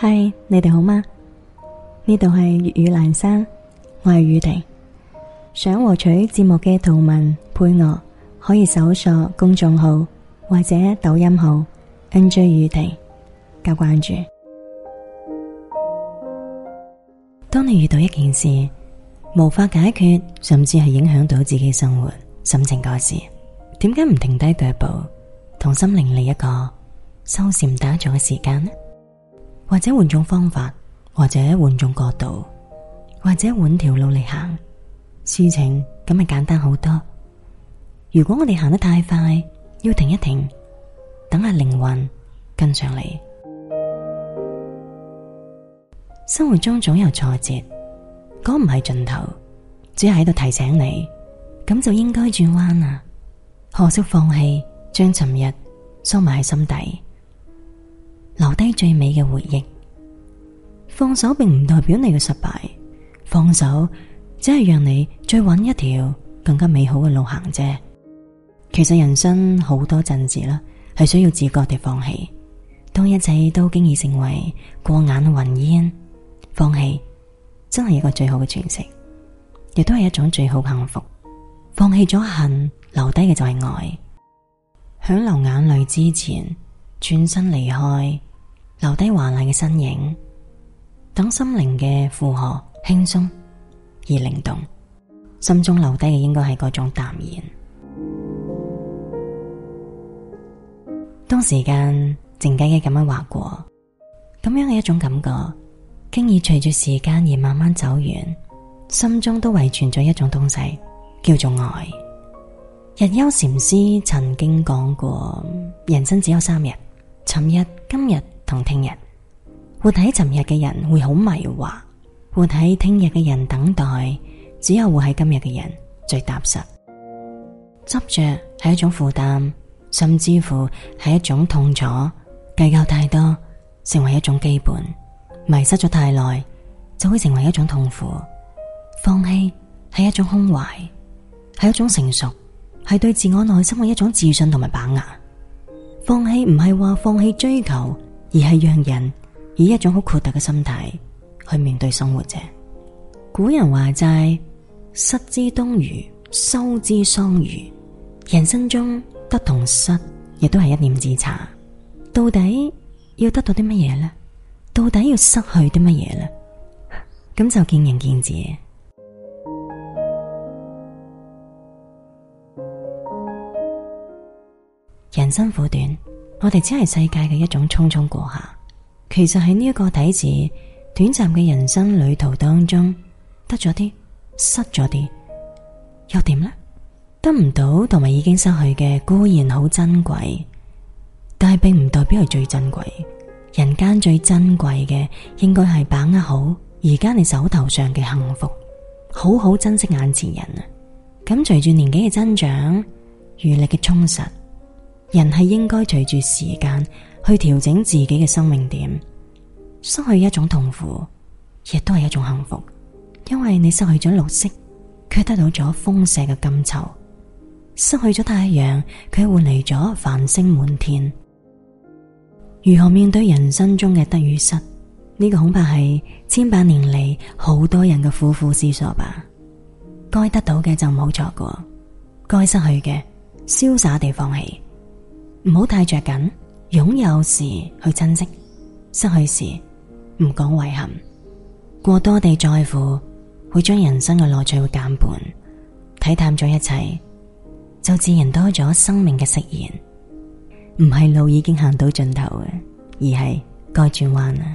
嗨，Hi, 你哋好嗎？呢度係粵語蘭山，我係雨婷。想獲取節目嘅圖文配樂，可以搜索公眾號或者抖音號 NJ 雨婷加關注。當你遇到一件事無法解決，甚至係影響到自己生活、心情嗰時，點解唔停低腳步，同心靈嚟一個修禪打坐嘅時間呢？或者換種方法，或者換種角度，或者換條路嚟行，事情咁咪簡單好多。如果我哋行得太快，要停一停，等下靈魂跟上嚟。生活中總有挫折，嗰唔係盡頭，只係喺度提醒你，咁就應該轉彎啦。學識放棄，將尋日收埋喺心底。留低最美嘅回憶，放手並唔代表你嘅失敗，放手只係讓你再揾一條更加美好嘅路行啫。其實人生好多陣時啦，係需要自覺地放棄，當一切都經已成為過眼雲煙，放棄真係一個最好嘅詮釋，亦都係一種最好幸福。放棄咗恨，留低嘅就係愛。響流眼淚之前，轉身離開。留低華麗嘅身影，等心靈嘅負荷輕鬆而靈動，心中留低嘅應該係嗰種淡然。 當時間靜雞雞咁樣劃過，咁樣嘅一種感覺，經已隨住時間而慢慢走遠，心中都遺存咗一種東西，叫做愛。日休禪師曾經講過：人生只有三日，尋日、今日。同聽日。活喺尋日嘅人會好迷惑，活喺聽日嘅人等待，只有活喺今日嘅人最踏實。執着係一種負擔，甚至乎係一種痛楚。計較太多，成為一種羈絆。迷失咗太耐，就會成為一種痛苦。放棄係一種胸懷，係一種成熟，係對自我內心嘅一種自信同埋把握。放棄唔係話放棄追求。而係讓人以一種好豁達嘅心態去面對生活啫。古人話齋：失之東隅，收之桑榆。人生中得同失，亦都係一念之差。到底要得到啲乜嘢呢？到底要失去啲乜嘢呢？咁就見仁見智。人生苦短。我哋只係世界嘅一種匆匆過客，其實喺呢一個子短暫嘅人生旅途當中，得咗啲，失咗啲，又點呢？得唔到同埋已經失去嘅，固然好珍貴，但係並唔代表係最珍貴。人間最珍貴嘅，應該係把握好而家你手頭上嘅幸福，好好珍惜眼前人啊！咁隨住年紀嘅增長，閱歷嘅充實。人係應該隨住時間去調整自己嘅生命點。失去一種痛苦，亦都係一種幸福，因為你失去咗綠色，卻得到咗豐碩嘅金秋；失去咗太陽，卻換嚟咗繁星滿天。如何面對人生中嘅得與失？呢個恐怕係千百年嚟好多人嘅苦苦思索吧。該得到嘅就唔好錯過，該失去嘅瀟灑地放棄。唔好太着緊，擁有時去珍惜，失去時唔講遺憾。過多地在乎，會將人生嘅樂趣會減半。睇淡咗一切，就自然多咗生命嘅釋然。唔係路已經行到盡頭嘅，而係該轉彎啦。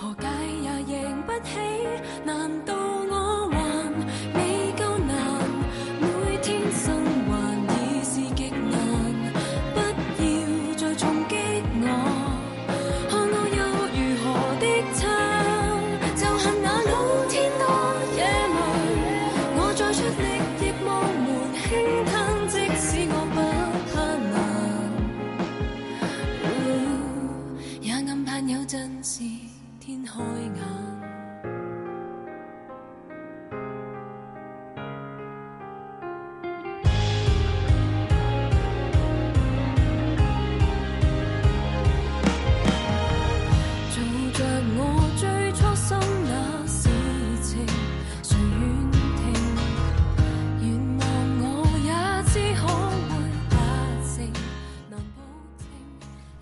何解也贏不起？難道？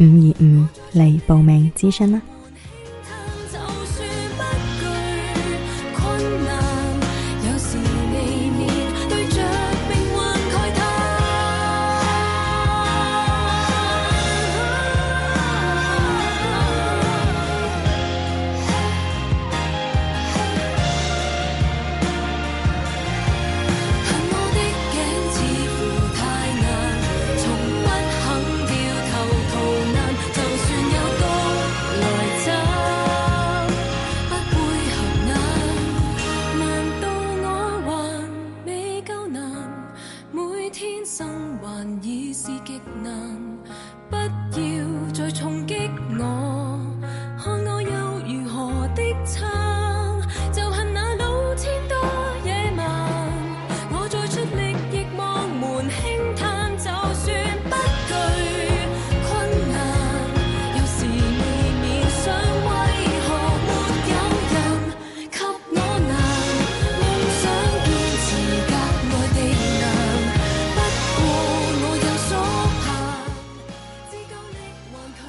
五二五嚟報名咨詢啦！已是極難，不要再衝擊我。